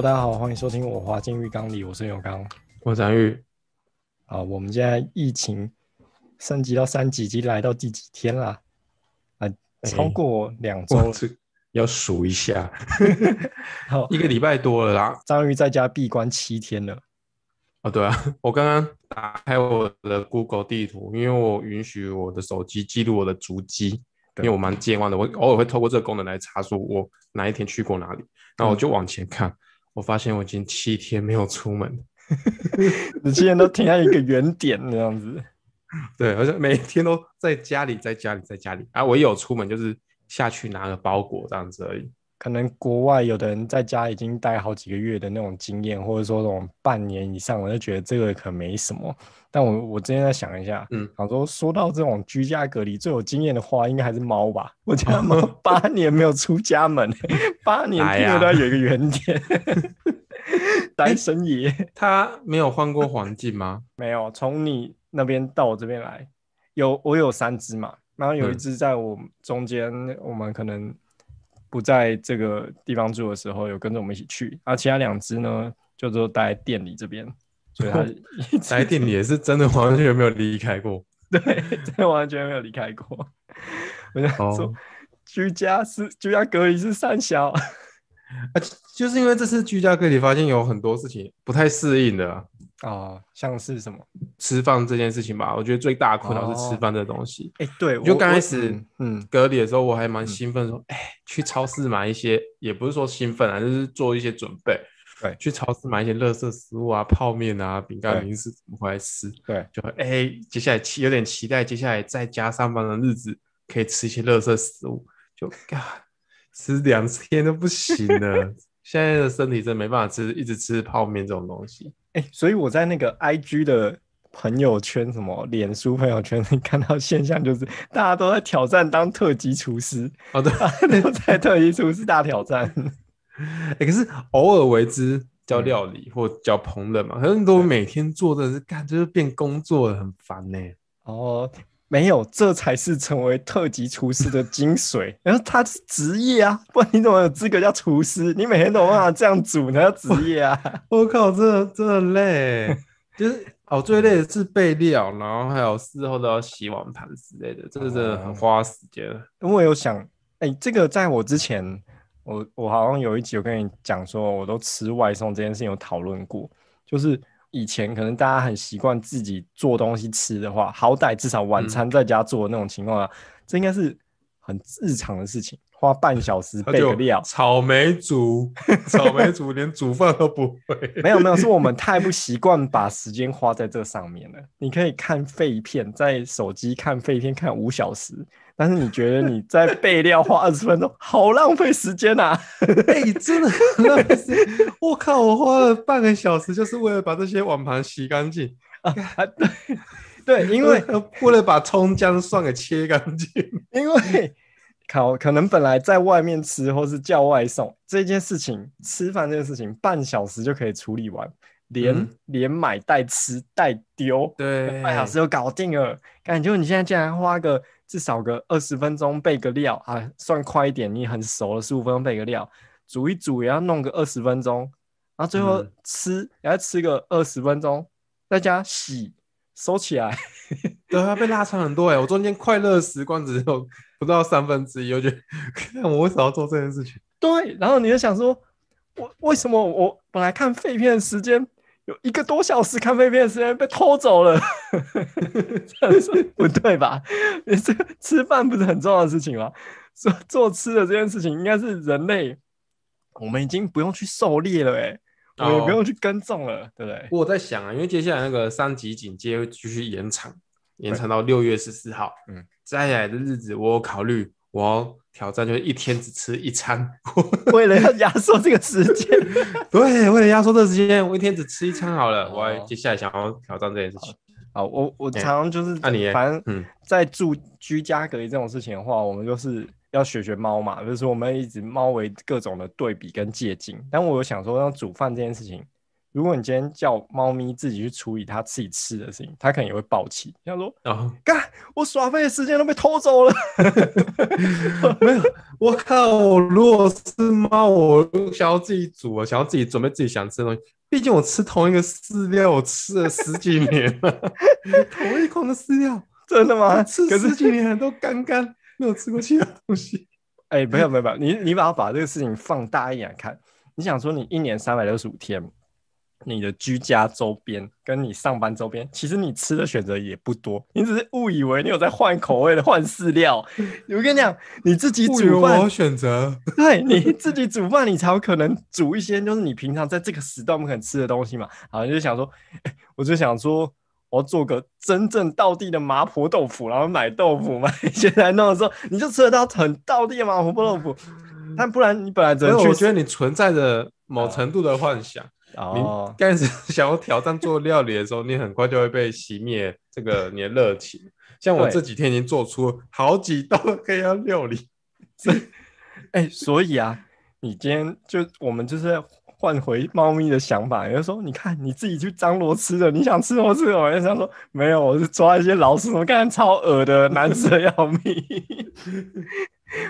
大家好，歡迎收聽我滑進浴缸裡，我是永剛，我是章魚。啊，我們現在疫情升級到三級，級，已經來到第幾天了？啊、哎，超過兩周，要數一下。然 一個禮拜多了啦。後章魚在家閉關七天了。哦，對啊，我剛剛打開我的 Google 地圖，因為我允許我的手機記錄我的足跡，因為我蠻健忘的，我偶爾會透過這個功能來查出我哪一天去過哪裡。然後我就往前看。嗯我發現我已經七天沒有出門， 你今天都停在一個原點那樣子 ，對，而且每天都在家裡，在家裡，在家裡。啊，我一有出門就是下去拿個包裹這樣子而已。可能國外有的人在家已經待好幾個月的那種經驗，或者說這種半年以上，我就覺得這個可沒什麼。但我我今天在想一下，嗯，我說說到這種居家隔離最有經驗的話，應該還是貓吧？我家貓八年沒有出家門， 八年應該都有一個原點。哎、 單身爺他沒有換過環境嗎？ 沒有，從你那邊到我這邊來，有我有三隻嘛，然後有一隻在我中間、嗯，我們可能。不在這個地方住的時候，有跟着我們一起去，而、啊、其他兩隻呢，就都待在店裡這邊，所以它待在店裡也是真的完全沒有離開過。 對，真的完全沒有離開過。我想說，居家是居家隔離是三小， 啊，就是因為這次居家隔離，發現有很多事情不太適應的。啊、哦，像是什麼吃飯這件事情吧，我覺得最大的困擾是吃飯的東西。哎、哦，欸、對，我就剛開始嗯隔離的時候，我還蠻興奮，說、嗯、哎、嗯欸、去超市買一些，也不是說興奮啊，就是做一些準備。對、嗯，去超市買一些垃圾食物啊，泡面啊，餅乾零食怎麼回來吃。對，對就哎、欸、接下來期有點期待接下來在家上班的日子可以吃一些垃圾食物。就嘎， 吃兩天都不行了， 現在的身體真的沒辦法吃，一直吃泡面這種東西。欸、所以我在那個 I G 的朋友圈，什麼臉書朋友圈，你看到現象就是大家都在挑戰當特級廚師啊、哦，對，都在特級廚師大挑戰。 欸、可是偶爾為之叫料理或叫烹飪嘛，多、嗯、反正都每天做的是幹，就是變工作了，很煩呢，欸。哦。沒有，這才是成為特級廚師的精髓。然後他是職業啊，不然你怎麼有資格叫廚師？你每天都有辦法這樣煮呢？ 職業啊！我，我靠，這這累， 就是哦，最累的是備料， 然後還有事後都要洗碗盤之類的，真的是很花時間。因、嗯、為我有想，哎、欸，這個在我之前，我我好像有一集我跟你講說，我都吃外送這件事情有討論過，就是。以前可能大家很習慣自己做東西吃的話，好歹至少晚餐在家做的那種情況下，啊嗯，這應該是很日常的事情。花半小時備個料，草莓煮， 草莓煮，連煮飯都不會。 沒有沒有，是我們太不習慣把時間花在這上面了。你可以看廢片，在手機看廢片，看五小時。但是你覺得你在備料花二十分鐘， 好浪費時間吶！哎，真的很浪費時間。 我靠，我花了半個小時，就是為了把這些碗盤洗乾淨啊！對、啊，對，因為為了，為了把蔥薑蒜給切乾淨。因為靠，可能本來在外面吃，或是叫外送這件事情，吃飯這件事情，半小時就可以處理完，連、嗯、連買帶吃帶丟，對，半小時就搞定了。感覺你現在竟然花個。至少個二十分鐘備個料啊，算快一點。你很熟了，十五分鐘備個料，煮一煮也要弄個二十分鐘，然後最後吃、嗯、也要吃個二十分鐘，在家洗收起來， 對啊，他被拉長很多哎、欸。我中間快樂時光只有不到三分之一，我覺得 我為什麼要做這件事情？對，然後你就想說，我為什麼我本來看廢片的時間？有一個多小時咖啡店的時間被偷走了， 不對吧？你 吃飯不是很重要的事情嗎？做做吃的這件事情應該是人類，我們已經不用去狩獵了哎、欸哦，我也不用去耕種了，對不對？我在想啊，因為接下來那個三級警戒會繼續延長，延長到六月十四號。嗯，接下來的日子我有考慮我挑戰就是一天只吃一餐， 為了要壓縮這個時間， 對，為了壓縮這個時間，我一天只吃一餐好了。哦、我還接下來想要挑戰這件事情。啊，我我常常就是，反正嗯，在住居家隔離這種事情的話，我們就是要學學貓嘛，就是我們一直貓為各種的對比跟借鏡。但我有想說，要煮飯這件事情。如果你今天叫貓咪自己去處理它自己吃的事情，它可能也會爆氣。它說：“幹、哦，我耍廢的時間都被偷走了。 ” 沒有，我靠！我如果是貓，我想要自己煮，我想要自己準備自己想吃的東西。畢竟我吃同一個飼料，我吃了十幾年了 同一款的飼料，真的嗎？我吃十幾年 都乾乾沒有吃過其他東西。哎、 欸，沒有沒有沒有，沒有，你你把它把這個事情放大一點看，你想說你一年三百六十五天。你的居家週邊跟你上班週邊，其實你吃的選擇也不多，你只是誤以為你有在換口味的換飼料。 我跟你講，你自己煮飯有選擇， 對你自己煮飯，你才有可能煮一些就是你平常在這個時段不肯吃的東西嘛。然後就想說、欸，我就想說，我要做個真正道地的麻婆豆腐，然後買豆腐買一些來弄的時候，你就吃得到很道地的麻婆豆腐。 但不然，你本來就我覺得你存在着某程度的幻想。 哦，但是想要挑戰做料理的時候，你很快就會被熄滅這個你的熱情 像我、欸、這幾天已經做出好幾道黑暗料理，所以，哎，所以啊，你今天就我們就是要換回貓咪的想法，就說你看你自己去張羅吃的，你想吃什麼吃什麼。我就想說，沒有，我是抓一些老鼠，我看超噁的，難吃要命。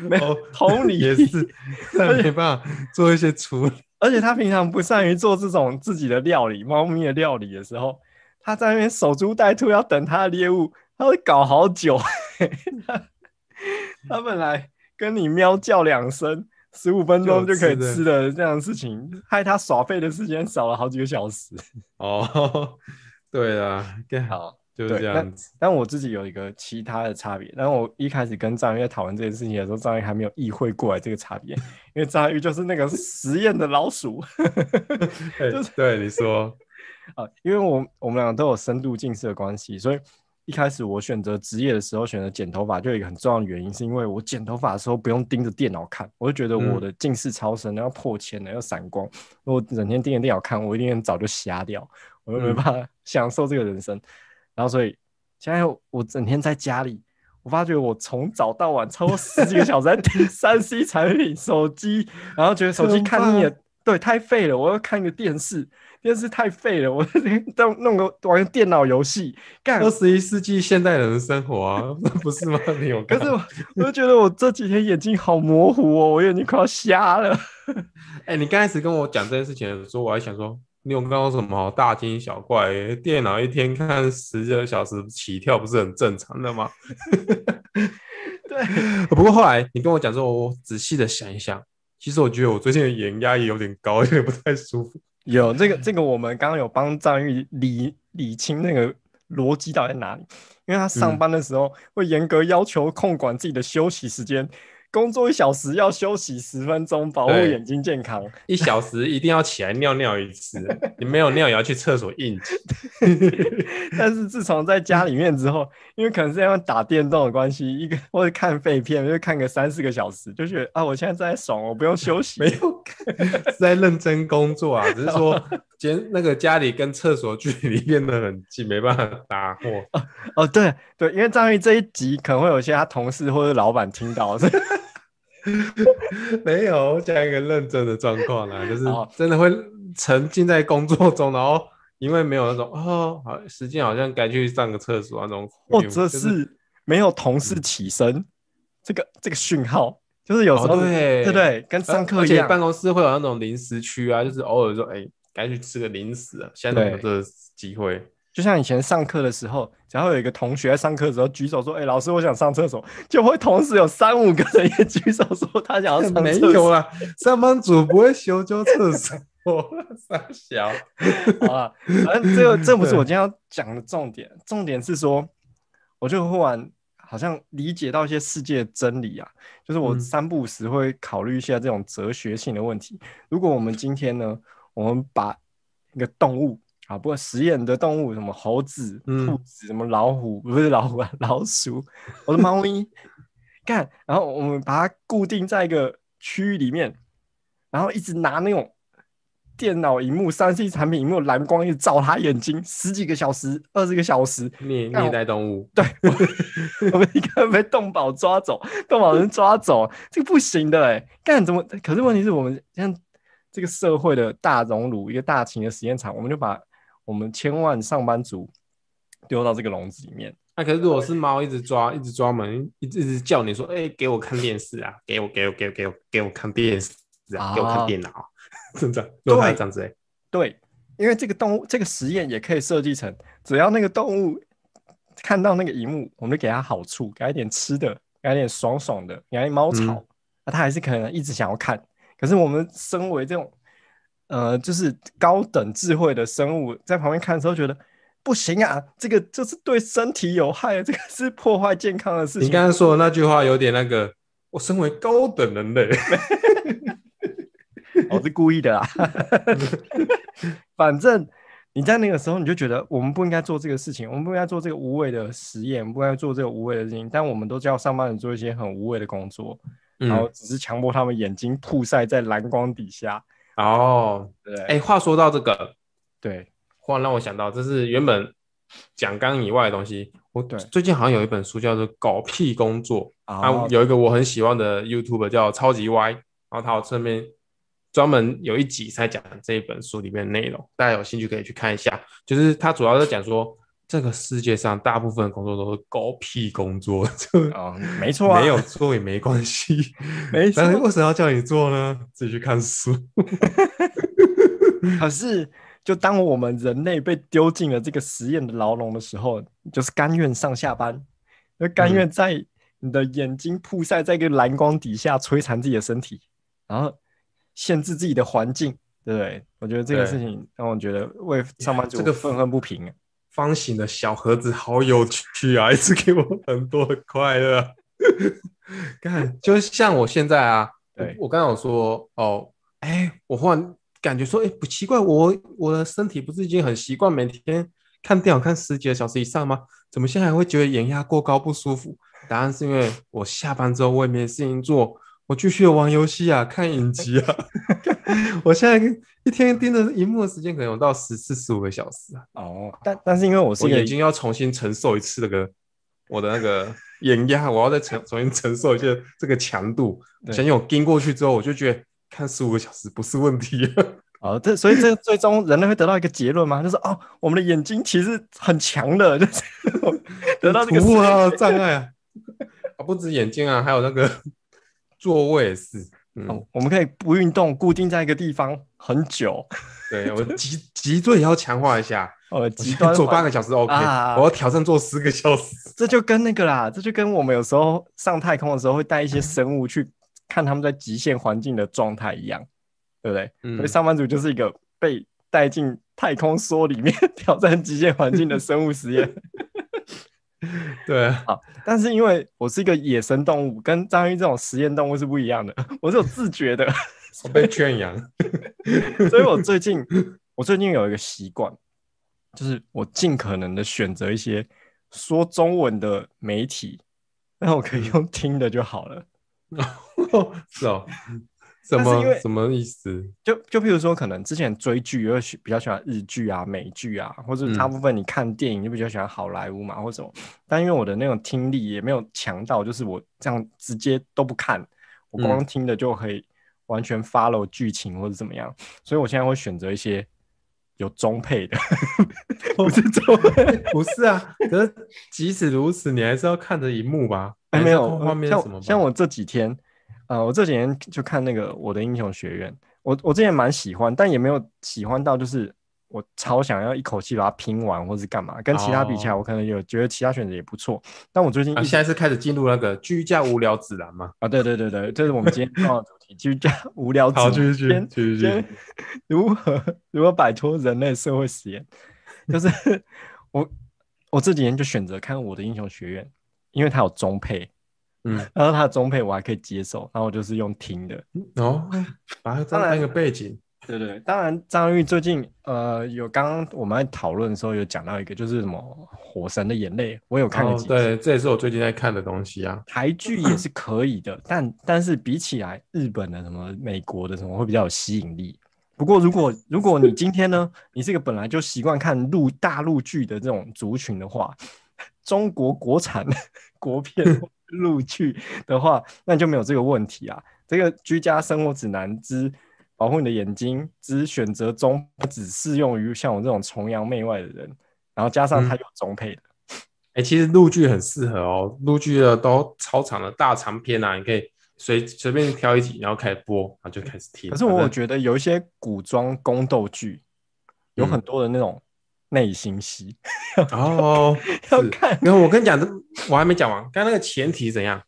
沒有，同理也是，但沒辦法，做一些處理。而且他平常不善於做這種自己的料理，貓咪的料理的時候，他在那邊守株待兔，要等他的獵物，他會搞好久。 他本來跟你喵叫兩聲，十五分鐘就可以吃的這樣的事情，害他耍廢的時間少了好幾個小時。哦，對啊，更好。就是這樣子，對但，但我自己有一個其他的差別。然後我一開始跟張玉在討論這件事情的時候，張玉還沒有意會過來這個差別， 因為張玉就是那個實驗的老鼠。 欸就是、對你說啊，因為我我們倆都有深度近視的關係，所以一開始我選擇職業的時候，選擇剪頭髮，就有一個很重要的原因，是因為我剪頭髮的時候不用盯着電腦看，我就覺得我的近視超深，嗯、然後要破千了，要閃光，我整天盯着電腦看，我一定早就瞎掉，我就沒辦法享受這個人生。嗯然後，所以現在我，我整天在家裡，我發覺我從早到晚超過十幾個小時在聽三 C 產品、 手機，然後覺得手機看膩了，對，太廢了。我要看個電視，電視太廢了，我都弄個玩個電腦遊戲，幹，二十一世紀現代人的生活啊，那不是嗎？ 沒有？可是我，我就覺得我這幾天眼睛好模糊哦，我眼睛快要瞎了。哎、 欸，你剛開始跟我講這件事情的時候，我還想說。你有剛說什麼大驚小怪、欸？電腦一天看十幾個小時，起跳不是很正常的嗎？ 對。不過後來你跟我講說，我仔細的想一想，其實我覺得我最近的眼壓也有點高，有點不太舒服。有這個，這個我們剛剛有幫張玉理理、理清那個邏輯到底在哪裡，因為他上班的時候會嚴格要求控管自己的休息時間。嗯工作一小時要休息十分鐘，保護眼睛健康。一小時一定要起來尿尿一次， 你沒有尿也要去廁所應。但是自從在家裡面之後，因為可能是因為打電動的關係，一個或者看廢片，就是，看個三四個小時，就覺得啊，我現在在爽，我不用休息。沒有， 是在認真工作啊，只是說家 那個家裡跟廁所距離變得很近，沒辦法打破，哦。哦，對對，因為張毅這一集可能會有些他同事或者老闆聽到。 沒有這樣一個認真的狀況啦，就是真的會沉浸在工作中，然後因為沒有那種哦，好，時間好像該去上個廁所那種，或者是沒有同事起身，嗯、這個這個訊號，就是有時候、哦、對，對對，對跟上課一樣，而且辦公室會有那種零食區啊，就是偶爾說哎，該、欸、去吃個零食啊，現在有，有這個機會。就像以前上課的時候，只要有一個同學在上課的時候舉手說：“哎、欸，老師，我想上廁所。”就會同時有三五個人也舉手說他想要上廁所。沒有了，上 班族不會修修廁所。傻笑三小。啊，反正這個這不是我今天要講的重點。 重點是說，我就忽然好像理解到一些世界的真理啊，就是我三不五時會考慮一下這種哲學性的問題、嗯。如果我們今天呢，我們把一個動物。啊，不過實驗的動物什麼猴子、嗯、兔子、什麼老虎，不是老虎啊，老鼠，我的貓咪幹， 然後我們把它固定在一個區域裡面，然後一直拿那種電腦熒幕、三 C 產品熒幕藍光，一直照它眼睛十幾個小時、二十個小時，虐虐待動物。對，我們一個 被動保抓走，動保人抓走，這個不行的欸。幹怎麼？可是問題是我們像這個社會的大熔爐，一個大型的實驗場，我們就把。我們千萬上班族丟到這個籠子裡面，那、啊、可是如果是貓一直抓，一直抓門，一直一直叫你說：“哎、欸，給我看電視啊，給我給我給我給我給我看電視啊，啊，給我看電腦，是不是這樣子？”對，因為這個動物這個實驗也可以設計成，只要那個動物看到那個熒幕，我們就給它好處，給它一點吃的，給它一點爽爽的，給它一點貓草，那、嗯啊、它還是可能一直想要看。可是我們身為這種。呃，就是高等智慧的生物在旁邊看的時候，覺得不行啊，這個就是對身體有害，這個是破壞健康的事情。你剛才說的那句話有點那個，我身為高等人類，我、 哦、是故意的啊。 反正你在那個時候，你就覺得我們不應該做這個事情，我們不應該做這個無謂的實驗，不應該做這個無謂的事情。但我們都叫上班族做一些很無謂的工作，然後只是強迫他們眼睛曝曬在藍光底下。哦、oh,，對，哎，話說到這個，對，忽然讓我想到，這是原本講綱以外的東西。我、oh, 最近好像有一本書叫做《狗屁工作》，啊、oh.，有一個我很喜歡的 YouTuber 叫超級歪，然後他側面專門有一集才講這一本書裡面的內容，大家有興趣可以去看一下。就是他主要是講說。這個世界上大部分工作都是狗屁工作，就、嗯、 啊，沒錯，沒有做也沒關係，沒錯。但是為什麼要叫你做呢？自己去看書 。 可是，就當我們人類被丟進了這個實驗的牢籠的時候，就是甘願上下班，甘願在你的眼睛曝曬在一個藍光底下摧殘自己的身體，嗯、然後限制自己的環境，對不對？我覺得這個事情讓我覺得為上班族這個憤憤不平。方形的小盒子好有趣啊，一直給我很多的快樂。看， 就像我現在啊，我剛有說哦，哎、欸，我忽然感覺說，哎、欸，不奇怪，我我的身體不是已經很習慣每天看電腦看十幾個小時以上嗎？怎麼現在還會覺得眼壓過高不舒服？答案是因為我下班之後我也沒事情做。我繼續玩遊戲啊，看影集啊。 我現在一天盯着螢幕的時間可能有到十四、十五個小時啊。哦，但但是因為我，是我眼睛要重新承受一次那個我的那個眼壓， 我要再承重新承受一下這個強度。想有盯過去之後，我就覺得看十五個小時不是問題。啊、哦，這所以這最終人類會得到一個結論嗎？ 就是哦，我們的眼睛其實很強的， 就是我得到這個突破的障礙啊，礙啊， 不止眼睛啊，還有那個。座位是，嗯、哦，我們可以不運動，固定在一個地方很久。 對，我脊脊椎也要強化一下，呃、哦，極端做半個小時 OK，啊、我要挑戰做十個小時、啊。這就跟那個啦，這就跟我們有時候上太空的時候會帶一些生物去看他們在極限環境的狀態一樣、嗯，對不對？嗯，所以上班族就是一個被帶進太空梭裡面挑戰極限環境的生物實驗。嗯 對啊，好，但是因為我是一個野生動物，跟章魚這種實驗動物是不一樣的，我是有自覺的， 我被圈養， 所以我最近我最近有一個習慣，就是我盡可能的選擇一些說中文的媒體，那我可以用聽的就好了， 是哦。什麼意思？就就譬如說，可能之前追劇，有喜比較喜歡日劇啊、美劇啊，或者大部分你看電影就比較喜歡好萊塢嘛，或什麼、嗯、但因為我的那種聽力也沒有強到，就是我這樣直接都不看，我光聽的就可以完全 follow 劇情或者怎麼樣、嗯。所以我現在會選擇一些有中配的、哦， 不是中配，不是啊。 可是即使如此，你還是要看着螢幕吧？哎，沒有畫面什麼？像，像我這幾天。啊、呃，我這幾年就看那個《我的英雄學院》我，我我之前蠻喜歡，但也沒有喜歡到，就是我超想要一口氣把它拼完，或是幹嘛。跟其他比起來，我可能有覺得其他選擇也不錯。但我最近、啊、現在是開始進入那個居家無聊指南嘛。啊，對對對對，這是我們今天討論的主題： 居家無聊指南。好，去去去去，去去去。如何如何擺脫人類社會實驗？就是 我我這幾年就選擇看《我的英雄學院》，因為它有中配。嗯，然後它的中配我還可以接受，然後我就是用聽的哦。反正當然一個背景，對對對，當然張玉最近呃有剛剛我們在討論的時候有講到一個，就是什麼《火神的眼淚》，我有看過幾次。哦，對，這也是我最近在看的東西啊。台劇也是可以的，但但是比起來日本的什麼、美國的什麼會比較有吸引力。不過如果如果你今天呢，是你這個本來就習慣看陸大陸劇的這種族群的話，中國國產國片的。 陸劇的話，那你就沒有這個問題啊。這個居家生活指南之保護你的眼睛只選擇中，只適用於像我這種崇洋媚外的人。然後加上它有中配的，哎、嗯欸，其實陸劇很適合哦。陸劇的都超長的大長篇啊，你可以隨隨便挑一集，然後開始播，然後就開始聽。可是我覺得有一些古裝宮鬥劇，有很多的那種。內心戲 看哦，要 看。然後我跟你講，我還沒講完。剛那個前提是怎樣？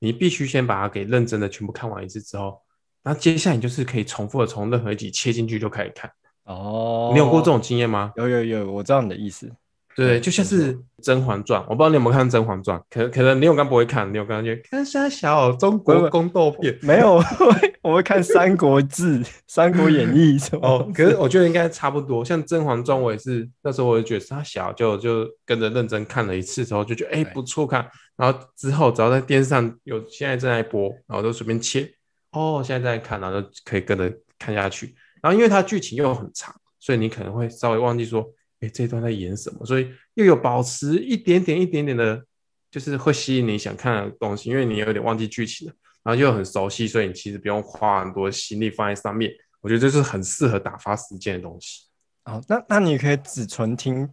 你必須先把它給認真的全部看完一次之後，然後接下來你就是可以重複的從任何一集切進去就開始看。哦，你有過這種經驗嗎？有有有，我知道你的意思。對，就像是《甄嬛傳》，我不知道你有沒有看《甄嬛傳》，可可能你永剛不會看，你永剛覺得看太小，中國宮鬥片沒有，沒有，我會看《三國志》 《三國演義》什麼。哦，可是我覺得應該差不多，像《甄嬛傳》，我也是那時候我就覺得它小，就就跟着認真看了一次之後，就覺得哎、欸、不錯看，然後之後只要在電視上有現在正在播，然後就隨便切，哦，現在在看，然後就可以跟着看下去。然後因為它劇情又很長，所以你可能會稍微忘記說。哎、欸，這段在演什麼？所以又有保持一點點一點點的，就是會吸引你想看的東西，因為你有點忘記劇情了，然後又很熟悉，所以你其實不用花很多心力放在上面。我覺得這是很適合打發時間的東西。哦，那那你可以只純聽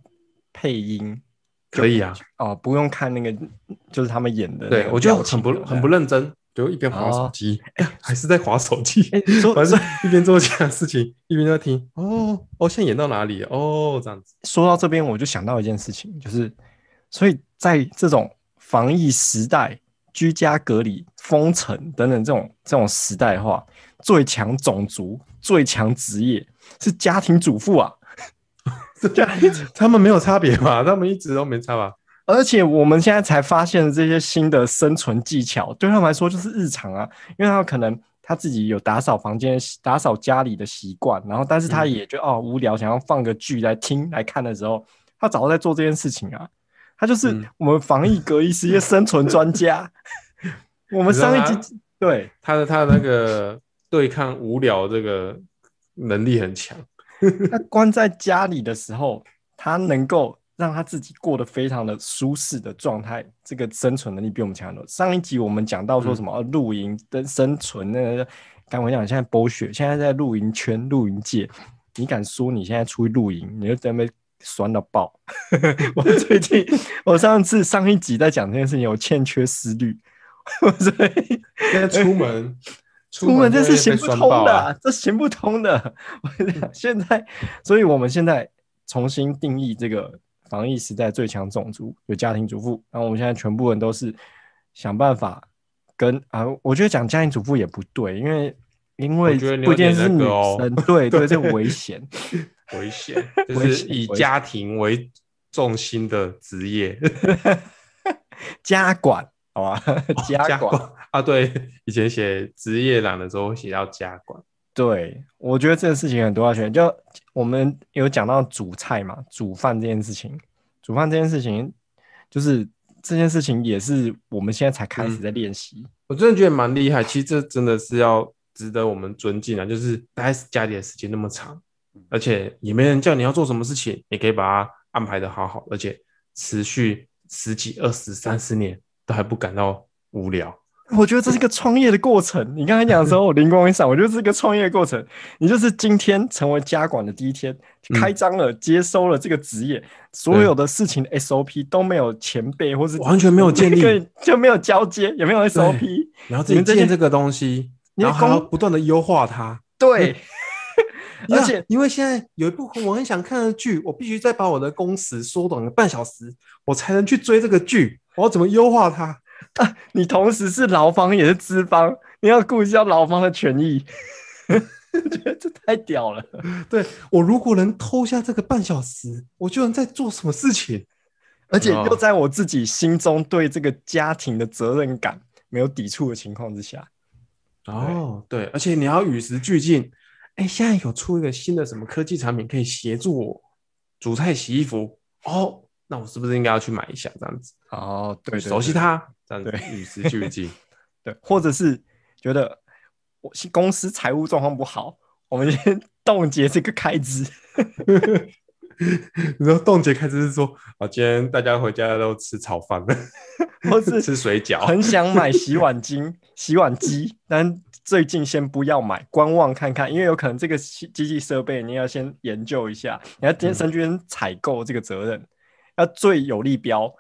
配音，可以啊，哦，不用看那個，就是他們演的，對，我覺得很不很不認真。對，一邊滑手機，還是在滑手機，欸，反正一邊做這樣的事情，欸，一邊在聽。哦哦，哦，現在演到哪裡？哦，這樣子。說到這邊，我就想到一件事情，就是，所以在這種防疫時代，居家隔離、封城等等這種這種時代的話，最強種族、最強職業是家庭主婦啊，他們沒有差別吧，嗯？他們一直都沒差吧？而且我們現在才發現的這些新的生存技巧，對他們來說就是日常啊。因為他可能他自己有打掃房間、打掃家裡的習慣，然後但是他也覺得、嗯、哦無聊，想要放個劇來聽來看的時候，他早就在做這件事情啊。他就是我們防疫隔離職業生存專家。嗯、 我們上一集對他的他的那個對抗無聊這個能力很強。 他關在家裡的時候，他能夠。讓他自己過得非常的舒適的狀態，這個生存能力比我們強很多。上一集我們講到說什麼、嗯、露營的生存、那個，剛剛講現在剝雪，現在在露營圈、露營界，你敢說你現在出去露營，你就在得被酸到爆？ 我最近， 我上次上一集在講這件事情，我欠缺思慮，我最近出門， 出門是、啊被被啊，這是行不通的，這行不通的。現在，所以我們現在重新定義這個。防疫時代最強種族有家庭主婦，然後我們現在全部人都是想辦法跟啊，我覺得講家庭主婦也不對，因為因為不見得是女生，對、哦、對，這危險，危險就是以家庭為重心的職業， 家管好吧，哦、家管,家管啊，對，以前寫職業欄的時候會寫到家管。對，我覺得這個事情很多安選，就我們有講到煮菜嘛，煮飯這件事情，煮飯這件事情，就是這件事情也是我們現在才開始在練習、嗯。我真的覺得蠻厲害，其實這真的是要值得我們尊敬啊，就是待家裡的時間那麼長，而且也沒人叫你要做什麼事情，你可以把它安排得好好，而且持續十幾、二十、三十年都還不感到無聊。我覺得這是一個創業的過程。你剛才講的時候，我靈光一閃，我覺得這是一個創業的過程。你就是今天成為家管的第一天，開張了，接收了這個職業，所有的事情的 SOP 都沒有前輩或是完全沒有建立，就沒有交接，也沒有 SOP。你要自己建這個東西，你， 你要還不斷的優化它。對，而且因為現在有一部我很想看的劇，我必須再把我的工時縮短個半小時，我才能去追這個劇。我要怎麼優化它？啊！你同時是勞方也是資方，你要顧一下勞方的權益， 覺得這太屌了。 對，我如果能偷下這個半小時，我就能在做什麼事情、哦，而且又在我自己心中對這個家庭的責任感沒有抵觸的情況之下。哦，對，而且你要與時俱進。哎、欸，現在有出一個新的什麼科技產品可以協助我煮菜、洗衣服哦。那我是不是應該要去買一下這樣子？哦，對，對，對，對，熟悉它這樣子與時俱進。對， 對，或者是覺得我公司財務狀況不好，我們先凍結這個開支。 你說凍結開支是說啊、哦，今天大家回家都吃炒飯了，或者吃水餃？很想買洗碗機， 洗碗機，但最近先不要買，觀望看看，因為有可能這個機器設備你要先研究一下，你要先身兼採購這個責任。嗯要最有利標，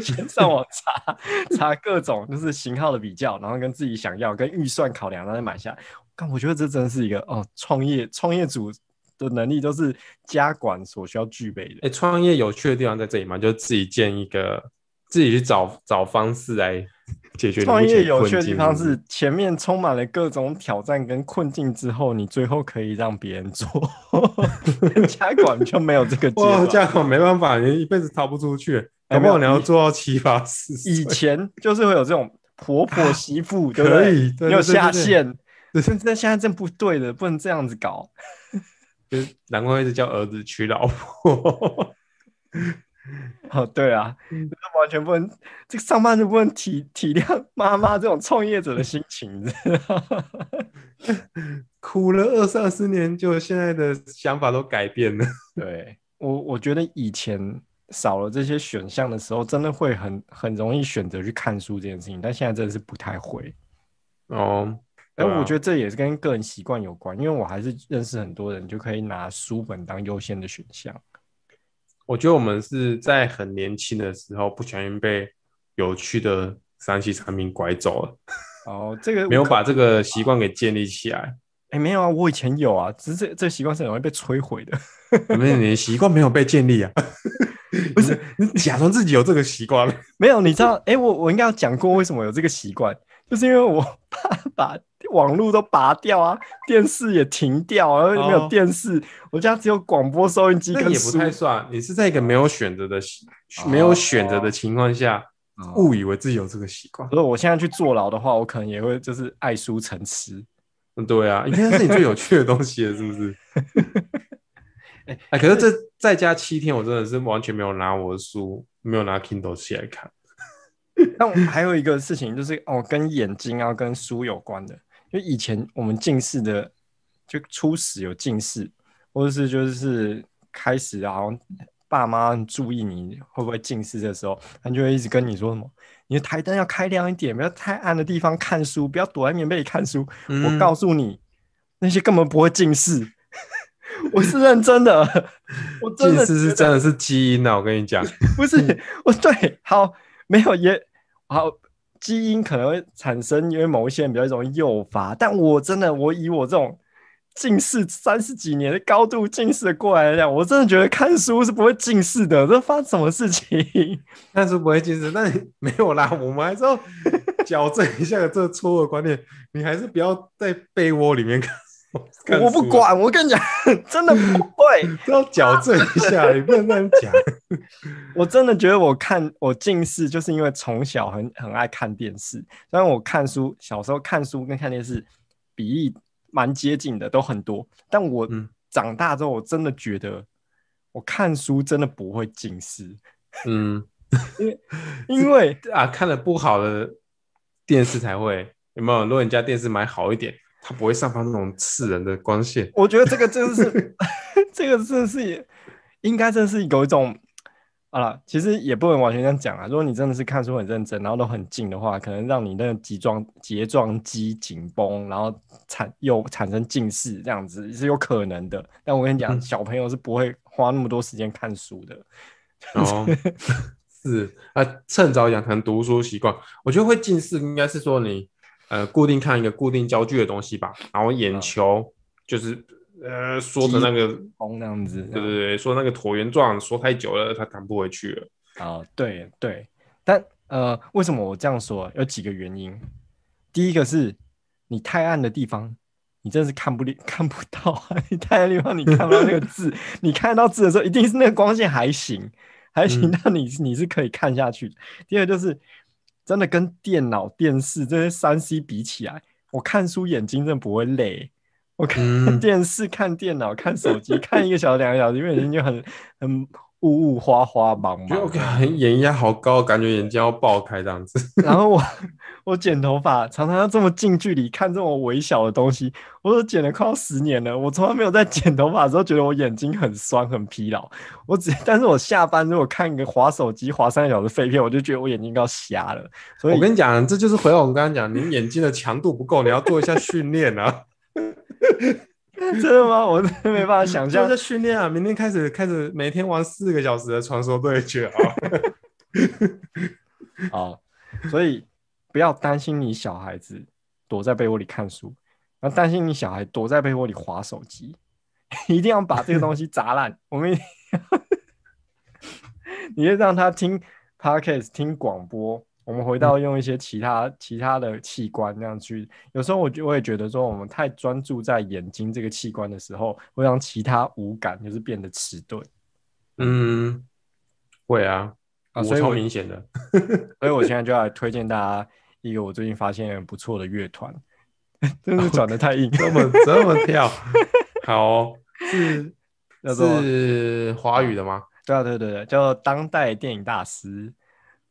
先上網查 查各種就是型號的比較，然後跟自己想要、跟預算考量，然後再買下來。但我覺得這真是一個哦，創業創業組的能力都是家管所需要具備的。哎、欸,創業有趣的地方在這裡嘛,就是自己建一個，自己去找找方式來。解決，創業有趣的地方是，前面充滿了各種挑戰跟困境之後，你最後可以讓別人做 家管就沒有這個，家管沒辦法，你一輩子逃不出去，要不你要做到七八次。以前就是會有這種婆婆媳婦、啊、可以對對對對沒有下限，但現在這不對的，不能這樣子搞。 就難怪一直叫兒子娶老婆。 哦、oh，對啊，這 完全不能，這個、上班就不能體體諒媽媽這種創業者的心情， 苦了二三十年，就現在的想法都改變了對。對我，我覺得以前少了這些選項的時候，真的會很很容易選擇去看書這件事情，但現在真的是不太會。哦、oh, 啊，哎，我覺得這也是跟個人習慣有關，因為我還是認識很多人，就可以拿書本當優先的選項。我覺得我們是在很年輕的時候不小心被有趣的三 C 產品拐走了，哦，這個 沒有把這個習慣給建立起來。哎，沒有啊，我以前有啊，只是這這習慣是很容易被摧毀的。那 你的習慣沒有被建立啊？ 不是、嗯、你假裝自己有這個習慣沒有，你知道？哎、欸，我我應該要講過為什麼有這個習慣，就是因為我爸爸。網絡都拔掉啊，電視也停掉啊，因為沒有電視，oh. 我家只有廣播收音機。那也不太算，你是在一個沒有選擇的、oh. oh. 沒有選擇的情況下，oh. 誤以為自己有這個習慣。Oh. Oh. 如果我現在去坐牢的話，我可能也會就是愛書成痴。嗯，對啊，你看是你最有趣的東西了， 是不是？哎、 欸欸，可是這在家七天，我真的是完全沒有拿我的書，沒有拿 Kindle 起來看。那 我們還有一個事情就是，哦，跟眼睛啊，跟書有關的。就以前我們近視的，就初始有近視，或者是就是開始啊，爸媽很注意你會不會近視的時候，他就會一直跟你說什麼：你的台燈要開亮一點，不要太暗的地方看書，不要躲在棉被裡看書。嗯，我告訴你，那些根本不會近視， 我是認真的， 我真的近視是真的是基因吶、啊！我跟你講， 不是，我對，好，沒有也好。基因可能會產生，因為某一些人比較容易誘發。但我真的，我以我這種近視三十幾年、的高度近視的過來講，我真的覺得看書是不會近視的。這發生什麼事情？看書不會近視，但沒有啦，我們還是要矯正一下這錯誤觀念。 你還是不要在被窩裡面看。我不管，我跟你講，真的不會， 要矯正一下， 你不能亂講。我真的覺得，我看我近視，就是因為從小很很愛看電視。雖然我看書，小時候看書跟看電視比例蠻接近的，都很多。但我長大之後，我真的覺得我看書真的不會近視。嗯因，因為因為 啊，看了不好的電視才會有沒有？如果你家電視買好一點。它不會散發那種刺人的光線。我覺得這個真的是 這個真的是也應該真是有一種，好了，其實也不能完全這樣講啊。如果你真的是看書很認真，然後都很近的話，可能讓你那個睫狀睫狀肌緊繃，然後產又產生近視，這樣子也是有可能的。但我跟你講，小朋友是不會花那麼多時間看書的。嗯。 哦 ，是，啊，趁早養成讀書習慣。我覺得會近視，應該是說你。呃，固定看一個固定焦距的東西吧，然後眼球就是、嗯、呃縮成那個紅那樣，樣子，對對對，說那個橢圓狀縮太久了，它彈不回去了。啊、哦，對對，但呃，為什麼我這樣說？有幾個原因。第一個是，你太暗的地方，你真是看不看不到啊！太暗的地方，你看不到那個字， 你看到字的時候，一定是那個光線還行，還行，那你你是可以看下去、嗯。第二就是。真的跟電腦、電視這些三 C 比起來，我看書眼睛真的不會累。我看電視、看電腦、看手機看一個小時、兩個小時，因為眼睛就很很。霧霧花花茫茫，就感覺得 OK，眼壓好高，感覺眼睛要爆開這樣子。 然後我我剪頭髮，常常要這麼近距離看這麼微小的東西，我都剪了快十年了，我從來沒有在剪頭髮的時候覺得我眼睛很酸很疲勞。我只但是我下班如果看一個滑手機滑三個小時廢片，我就覺得我眼睛要瞎了。所以我跟你講，這就是回我們剛剛講， 你眼睛的強度不夠，你要做一下訓練啊。 真的嗎？我真的沒辦法想象。就訓練啊，明天開始開始每天玩四個小時的傳說對決啊！ oh, 所以不要擔心你小孩子躲在被窩裡看書，要擔心你小孩躲在被窩裡滑手機， 一定要把這個東西砸爛。 我們一， 你就讓他聽 podcast 聽廣播。我們回到用一些其他、嗯、其他的器官那樣去，有時候我就我也覺得說，我們太專注在眼睛這個器官的時候，會讓其他五感就是變得遲鈍。嗯，會啊，啊所以我，我超明顯的所。所以我現在就要推薦大家一個我最近發現不錯的樂團， 真的轉得太硬，okay, 這麼這麼跳，好，是那是華語的嗎？的嗎？對啊，對對對，叫做當代電影大師。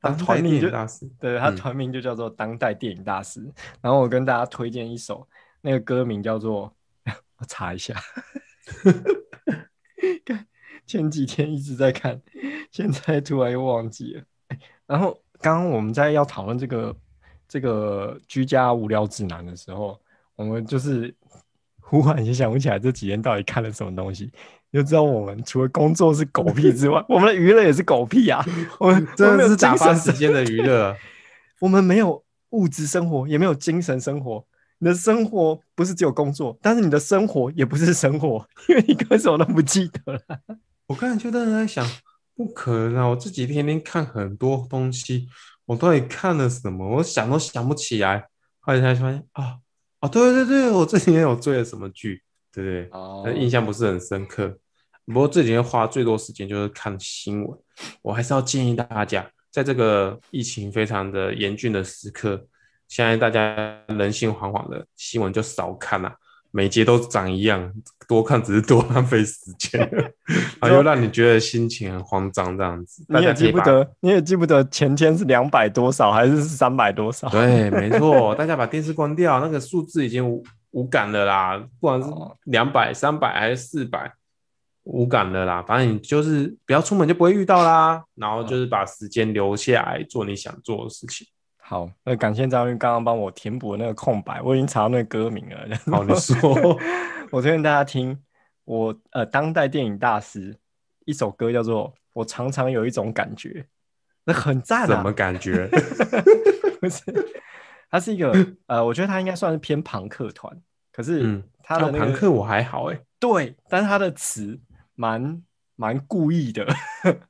當他團名就對，他團名就叫做當代電影大師，嗯。然後我跟大家推薦一首，那個歌名叫做…… 我查一下， 看 前幾天一直在看，現在突然又忘記了。欸、然後剛剛我們在要討論這個這個居家無聊指南的時候，我們就是忽然間想不起來這幾天到底看了什麼東西。就知道我們除了工作是狗屁之外， 我們的娛樂也是狗屁啊！ 我們真的是打發時間的娛樂。我們沒有物質生， 生， 生活，也沒有精神生活。你的生活不是只有工作，但是你的生活也不是生活，因為你幹什麼都不記得了。 我剛才就在那在想，不可能啊！我這幾天天看很多東西，我到底看了什麼？我想都想不起來。後來才發現啊，啊對對對，我這幾天有追了什麼劇？對對，對，oh. 但印象不是很深刻。不過這幾天花最多時間就是看新聞，我還是要建議大家，在這個疫情非常的嚴峻的時刻，現在大家人心惶惶的，新聞就少看啦、啊，每節都長一樣，多看只是多浪費時間，啊， 然後又讓你覺得心情很慌張這樣子。你也記不得，你也記不得前天是兩百多少，還是三百多少？對，沒錯， 大家把電視關掉，那個數字已經無，無感了啦，不管是兩百、三百還是四百。無感的啦，反正你就是不要出門就不會遇到啦。然後就是把時間留下來做你想做的事情。哦、好，那感謝張宇剛剛幫我填補那個空白。我已經查到那個歌名了。然後好的，你說， 我推薦大家聽我呃當代電影大師一首歌叫做《我常常有一種感覺》，那很讚啊。什麼感覺？ 不是，他是一個 呃，我覺得他應該算是偏朋克團，可是他的朋、那個嗯、克我還好哎、欸。對，但是他的詞。蠻蠻故意的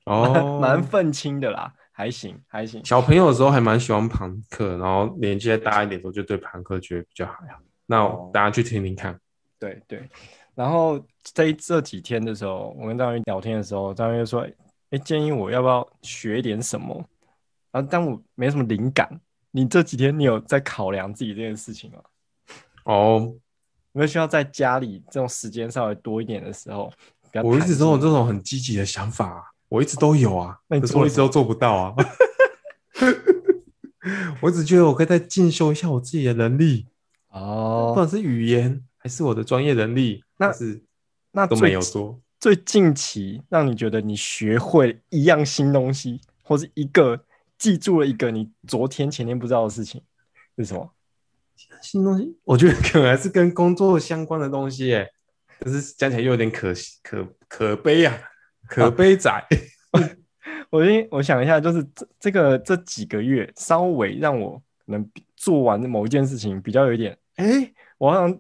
蠻憤、oh. 青的啦，還行還行。小朋友的時候還蠻喜歡龐克，然後年紀大一點的時候就對龐克覺得比較好。Oh. 那大家去聽聽看。對對，然後在這幾天的時候，我跟張雲聊天的時候，張雲就說：“哎、欸，建議我要不要學一點什麼？”然後但我沒什麼靈感。你這幾天你有在考量自己這件事情嗎？哦，有沒有需要在家裡這種時間稍微多一點的時候？我一直都有這種很積極的想法、啊，我一直都有啊，哦、那你說我一直都做不到啊。 我一直覺得我可以再進修一下我自己的能力哦，不管是語言還是我的專業能力。那是那都沒有說最，最近期讓你覺得你學會一樣新東西，或是一個記住了一個你昨天前天不知道的事情是什麼？新東西？我覺得可能還是跟工作相關的東西耶、欸。可是加起來又有點可可可悲啊，可悲仔、啊。 我因我想一下，就是這這個這幾個月，稍微讓我能做完某一件事情，比較有點哎、欸，我好像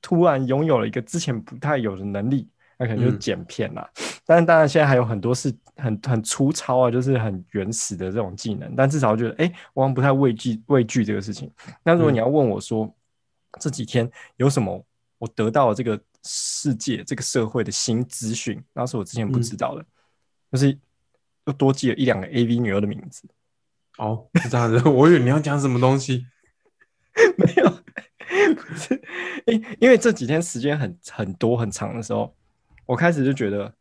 突然擁有了一個之前不太有的能力，那可能就是剪片啦。嗯、但是當然，現在還有很多是很很粗糙啊，就是很原始的這種技能。但至少我覺得哎、欸，我好像不太畏懼畏懼這個事情。那如果你要問我說、嗯、這幾天有什麼我得到了這個？世界這個社會的新資訊，那是我之前不知道的，嗯、就是又多記了一兩個 AV 女優的名字。哦，是這樣子， 我以為你要講什麼東西，沒有。是，因因為這幾天時間很很多很長的時候，我開始就覺得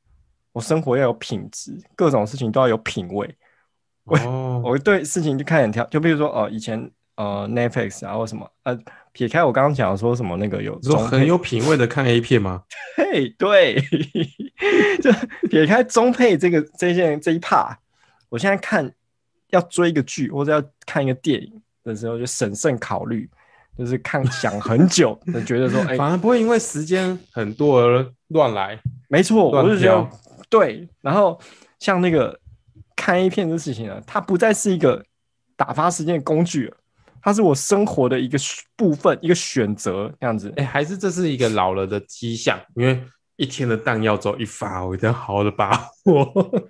我生活要有品質，各種事情都要有品味。我哦，我對事情就看得很挑，就比如說哦、呃，以前呃 Netflix 啊或什麼呃。撇開我剛剛講說什麼那個有，這種很有品味的看 A 片嗎？對、hey, 對， 就撇開中配這個這件這一趴，一 part, 我現在看要追一個劇或者要看一個電影的時候，就審慎考慮，就是看想很久， 覺得說哎、欸，反而不會因為時間很多而亂來。沒錯，我是覺得對。然後像那個看 A 片這事情呢，它不再是一個打發時間的工具了。它是我生活的一個部分，一個選擇這樣子。哎、欸，還是這是一個老了的跡象，因為一天的彈藥只有一發，我一定要好好的把握。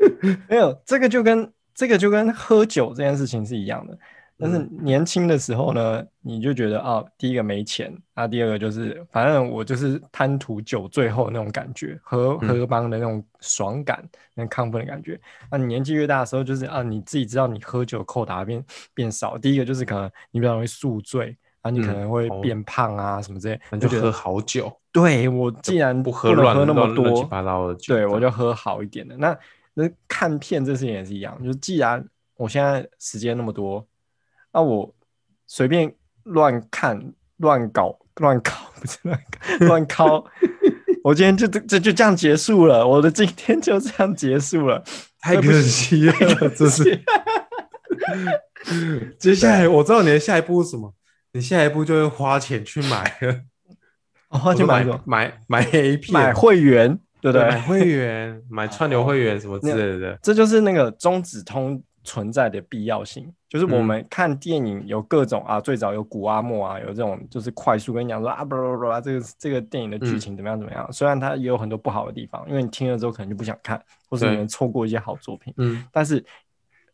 沒有，這個就跟這個就跟喝酒這件事情是一樣的。但是年輕的時候呢，嗯、你就覺得啊、哦，第一個沒錢，那、啊、第二個就是反正我就是貪圖酒醉後那種感覺喝、嗯、喝幫的那種爽感、那亢奮的感覺。那、嗯啊、你年紀越大的時候，就是啊，你自己知道你喝酒扣打變變少。第一個就是可能你比較容易宿醉、嗯，啊，你可能會變胖啊什麼之類，你、嗯、就，就喝好酒。對，我既然不喝不喝那麼多，對我就喝好一點的。那那看片這事情也是一樣，就是既然我現在時間那麼多。那、啊、我隨便亂看、亂搞、亂搞，不是亂搞、亂考。 我今天就這就，就這樣結束了，我的今天就這樣結束了，太可惜了，惜了這是。 接下來我知道你的下一步是什麼，你下一步就會花錢去買了，哦，就買買買,買 A P 買會員，對不對？買會員，買串流會員什麼之類的，哦、這就是那個中子通。存在的必要性，就是我們看電影有各種啊，嗯、最早有古阿莫啊，有這種就是快速跟你講說啊，不不不不，這個這個電影的劇情怎麼樣怎麼樣，嗯。雖然它也有很多不好的地方，因為你聽了之後可能就不想看，或者可能錯過一些好作品。嗯、但是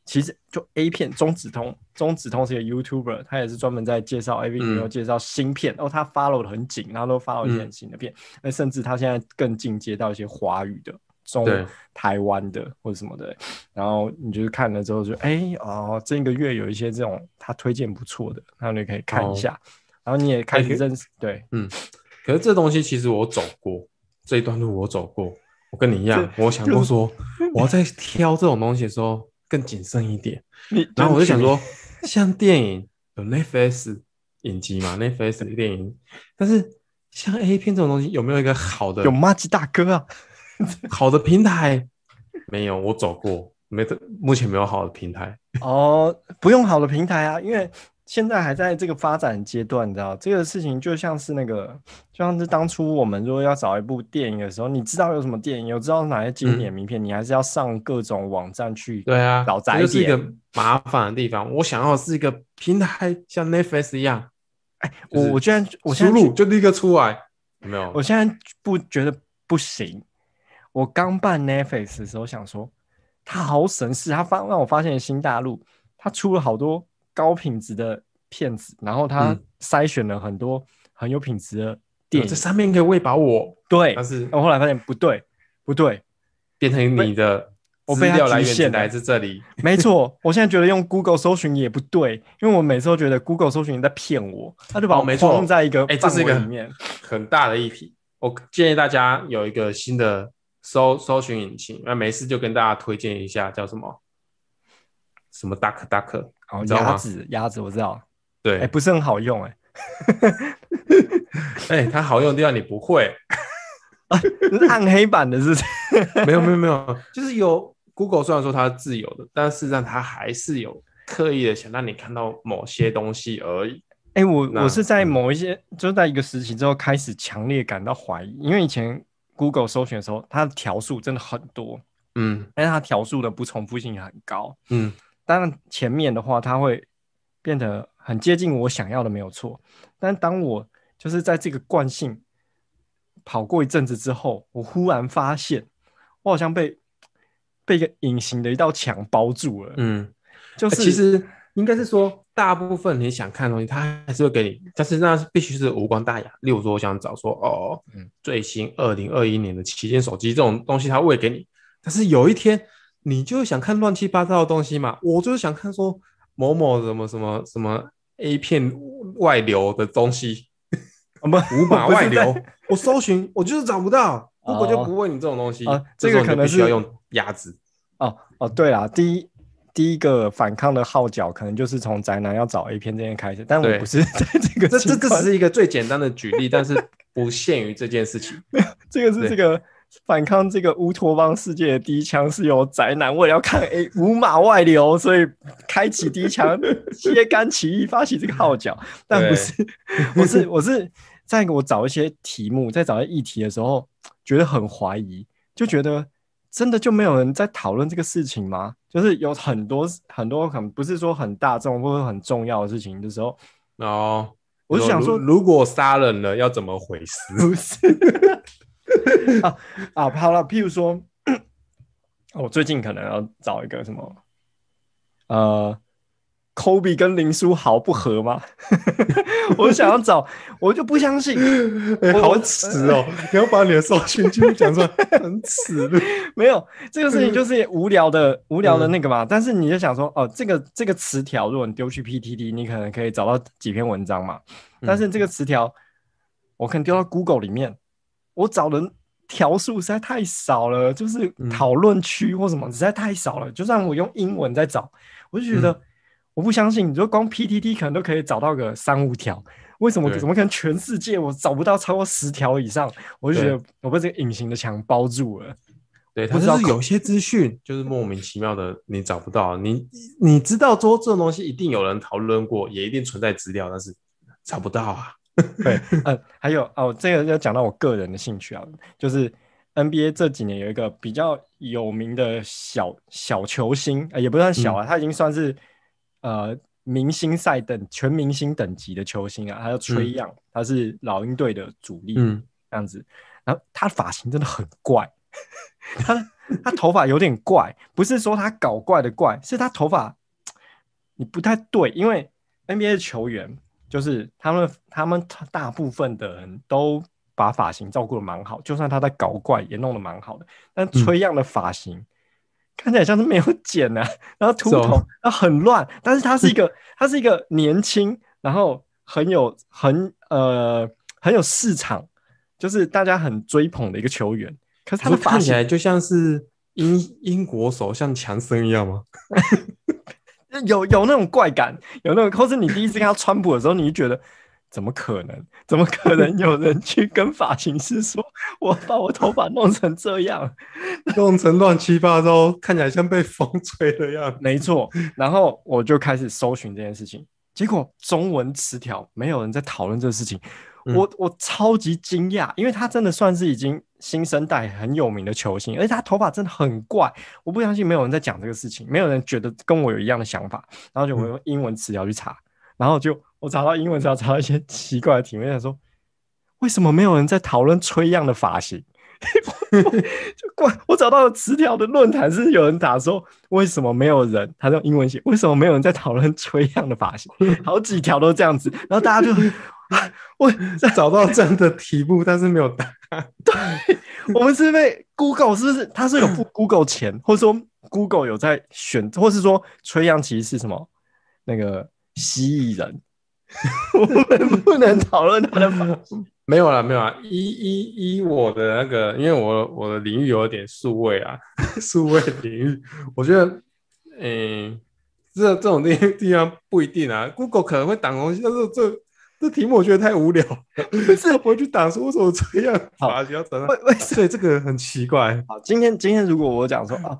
其實就 A 片，中子通，中子通是一個 YouTuber，他也是專門在介紹 AV、嗯、然後介紹新片，然、哦、後他 follow 的很緊，然後都 follow 一些很新的片，那、嗯、甚至他現在更進階到一些華語的。中台灣的或者什麼的，然後你就是看了之後就哎、 欸、哦，這一個月有一些這種他推薦不錯的，然後你可以看一下，哦、然後你也開始認識。對，嗯，可是這東西其實我走過 這一段路，我走過，我跟你一樣， 我想過說， 我在挑這種東西的時候更謹慎一點。 然後我就想說， 像電影有 Netflix 影集嘛 ，Netflix 的電影， 但是像 A 片這種東西，有沒有一個好的？ 有麻吉大哥啊。 好的平台沒有，我找過，沒，目前沒有好的平台。哦，不用好的平台啊，因為現在還在這個發展階段，你知道，這個事情就像是那個，就像是當初我們如果要找一部電影的時候，你知道有什麼電影，有知道哪些經典名片、嗯，你還是要上各種網站去對啊找在一。就、這個、是一個麻煩的地方。我想要是一個平台，像 Netflix 一樣，我、哎就是、我居然輸入就立刻出來，沒有？我現在不覺得不行。我剛辦 Netflix 的時候，想說他好神奇，他發讓我發現新大陸，他出了好多高品質的片子，然後他篩選了很多很有品質的電影、嗯，這上面可以餵飽我。對，但是，我後來發現不對，不對，變成你的資料來源只來自這裡。沒錯，我現在覺得用 Google 搜尋也不對， 因為我每次都覺得 Google 搜尋在騙我，他就把我沒錯弄在一個哎、哦，這是一個面很，很大的議題，我建議大家有一個新的。搜搜尋引擎，那沒事就跟大家推薦一下，叫什麼什麼 Duck Duck，好鴨子鴨子，知我知道。對、欸，不是很好用欸欸，哎，哎，它好用的地方你不會啊，暗黑版的是，不是 沒？沒有沒有沒有，就是有 Google，雖然說它是自由的，但事實上它還是有刻意的想讓你看到某些東西而已、欸。哎，我我是在某一些、嗯，就在一個時期之後開始強烈感到懷疑，因為以前。Google 搜尋的時候，它的條數真的很多，嗯，但是它條數的不重復性也很高，嗯。當然前面的話，它會變得很接近我想要的，沒有錯。但當我就是在這個慣性跑過一陣子之後，我忽然發現，我好像被被一個隱形的一道牆包住了，嗯，就是其實應該是說。大部分你想看的東西，它還是會給你，但是那是必須是無關大雅。例如說，我想找說哦，最新二零二一年的旗艦手機這種東西，它會給你。但是有一天，你就想看亂七八糟的東西嘛？我就是想看說某某什麼什麼什麼 A 片外流的東西，啊不，無碼外流。我，我搜尋， 我就是找不到，我就不問你這種東西。哦、這個可能需要用鴨子。哦哦，對啦，第一。第一個反抗的號角，可能就是從宅男要找 A 片這邊開始。但我不是在這個、啊。這這只是一個最簡單的舉例， 但是不限於這件事情。 這個是這個反抗這個烏托邦世界的第一槍，是由宅男，我要看 A 無碼外流，所以開啟第一槍，揭 竿起義，發起這個號角。但不是，不 是，我是在給我找一些題目，在找一些議題的時候，覺得很懷疑，就覺得。真的就沒有人在討論這個事情嗎？就是有很多很多可能不是說很大眾或者很重要的事情的時候，哦、oh，我是想說，如果殺人了要怎麼回事？不是 啊啊，好了，譬如說， 我最近可能要找一個什麼，呃。Kobe 跟林書豪不合嗎？ 我想要找， 我就不相信。欸、好恥哦！你要把你的搜尋機講出來很恥。沒有這個事情，就是無聊的 無聊的那個嘛、嗯。但是你就想說，哦，這個這個詞條，如果你丟去 P T T，你可能可以找到幾篇文章嘛。但是這個詞條、嗯，我可能丟到 Google 裡面，我找的條數實在太少了，就是討論區或什麼實在太少了、嗯。就算我用英文在找，我就覺得。嗯我不相信你說光 PTT 可能都可以找到個三五條，為什麼怎麼可能全世界我找不到超過十條以上？我就覺得我被這個隱形的牆包住了。對，他就是有些資訊 就是莫名其妙的你找不到，你你知道說這種東西一定有人討論過，也一定存在資料，但是找不到啊。 對，嗯、呃，還有哦，這個要講到我個人的興趣啊，就是 NBA 這幾年有一個比較有名的小小球星、呃，也不算小啊，嗯、他已經算是。呃，明星賽等全明星等級的球星啊，還有崔楊、嗯，他是老鷹隊的主力，嗯，這樣子，嗯、然後他髮型真的很怪， 他他頭髮有點怪，不是說他搞怪的怪，是他頭髮你不太對，因為 NBA 球員就是他們他們大部分的人都把髮型照顧得蠻好，就算他在搞怪也弄得蠻好的，但崔楊的髮型。嗯看起來像是沒有剪呢、啊，然後禿頭，然後很亂，但是他是一個， 他是一個年輕，然後很有很呃很有市場，就是大家很追捧的一個球員。可是他他看起來就像是英 英國首相強森一樣嗎？ 有有那種怪感，有那種，或是你第一次看他川普的時候，你就覺得。 怎麼可能？怎麼可能有人去跟髮型師說：“我把我頭髮弄成這樣， 弄成亂七八糟，看起來像被風吹的樣子。”沒錯。然後我就開始搜尋這件事情，結果中文詞條沒有人在討論這個事情，嗯、我我超級驚訝，因為他真的算是已經新生代很有名的球星，而且他頭髮真的很怪，我不相信沒有人在講這個事情，沒有人覺得跟我有一樣的想法，然後就我用英文詞條去查。嗯然後就我找到英文詞找到一些奇怪的題目，想說為什麼沒有人在討論崔樣的髮型？就我找到了詞條的論壇是有人打說為什麼沒有人？他是用英文寫，為什麼沒有人在討論崔樣的髮型？ 髮型 好幾條都這樣子。然後大家就、 啊、我 找到這樣的題目，但是沒有答案。對，我們是被 Google 是不是？他是有付 Google 錢， 或者說 Google 有在選，或是說崔樣其實是什麼那個？蜥蜴人， 我們不能討論他的嗎？ 沒有啦，沒有啊！一一一我的那個，因為我我的領域有點數位啊，數位領域，我覺得，嗯，這這種地地方不一定啊。Google 可能會擋東西，但是這這題目我覺得太無聊， 是回的 是的 去打說為什麼這樣？好，你要怎？為為對這個很奇怪。好，今天今天如果我講說啊、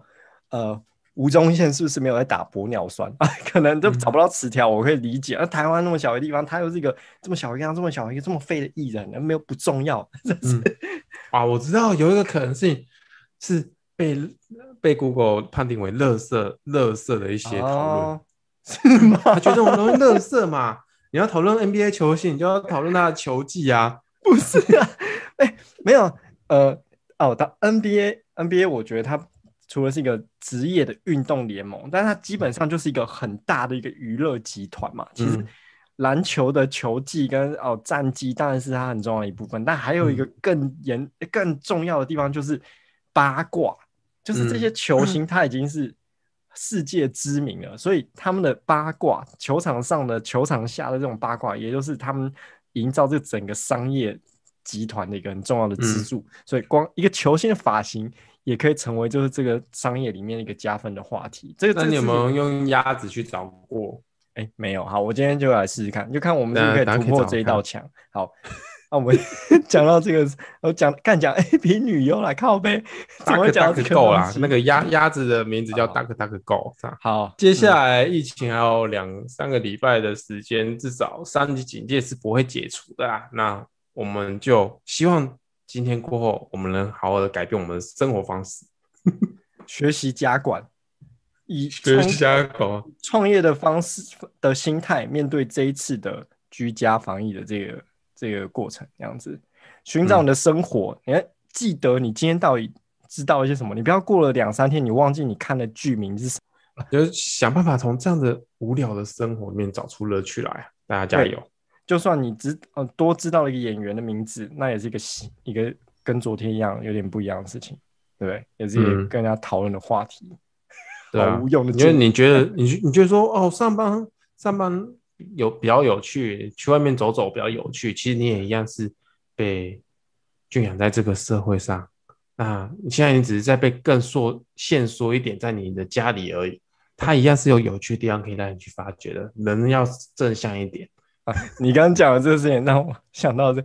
哦，呃。吳宗憲是不是沒有在打玻尿酸？可能都找不到詞條，我可以理解。而、嗯、台灣那麼小的地方，他又是一個這麼小地方、啊、這麼小一個這麼廢的藝人，沒有不重要。嗯、啊，我知道有一個可能性是被被 Google 判定為樂色樂色的一些討論、哦，是嗎？就這種東西樂色嘛？ 你要討論 NBA 球星，你就要討論他的球技啊，不是呀、啊？哎、欸，沒有，呃，哦，他 NBA NBA，我覺得他。除了是一個職業的運動聯盟，但它基本上就是一個很大的一個娛樂集團嘛。嗯、其實籃球的球技跟哦戰績當然是它很重要的一部分，但還有一個更嚴、嗯、更重要的地方就是八卦，就是這些球星他已經是世界知名了、嗯，所以他們的八卦，球場上的、球場下的這種八卦，也就是他們營造這整個商業集團的一個很重要的支柱、嗯。所以光一個球星的髮型。也可以成為就是這個商業裡面一個加分的話題。這個，那你們用鴨子去掌握哎、欸，沒有。好，我今天就來試試看，就看我們可不可以突破這一道牆。好，那我們講 到這個，我講看講 A B 女優來靠背。大個鴨子夠啦。那個鴨鴨子的名字叫大個大個狗。好，接下來疫情還有兩三個禮拜的時間，至少三級警戒是不會解除的啦。那我們就希望。今天過後，我們能好好的改變我們的生活方式， 學習家管，以學習家管創業的方式的心態面對這一次的居家防疫的這個這個過程，這樣子尋找你的生活。哎、嗯，你還記得你今天到底知道一些什麼？你不要過了兩三天，你忘記你看的劇名是什麼？就想辦法從這樣的無聊的生活裡面找出樂趣來。大家加油！就算你知呃多知道一個演員的名字，那也是一個一個跟昨天一樣有點不一樣的事情，對,對也是一個跟人家討論的話題。對、嗯、因為你覺得你你覺得說哦上班上班有比較有趣，去外面走走比較有趣，其實你也一樣是被圈養在這個社會上。那現在你只是在被更說，限縮一點，在你的家裡而已。它一樣是有有趣的地方可以讓你去發掘的。人要正向一點。 你剛剛講的這個事情讓我想到這，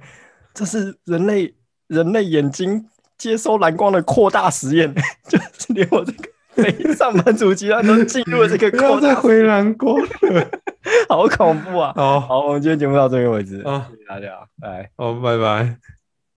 這是人類人類眼睛接收藍光的擴大實驗，就是連我這個每天上班族居然能進入這個，擴大再回藍光 好恐怖啊！哦，好，我們今天節目到這邊為止，謝謝大家，拜，好，拜拜。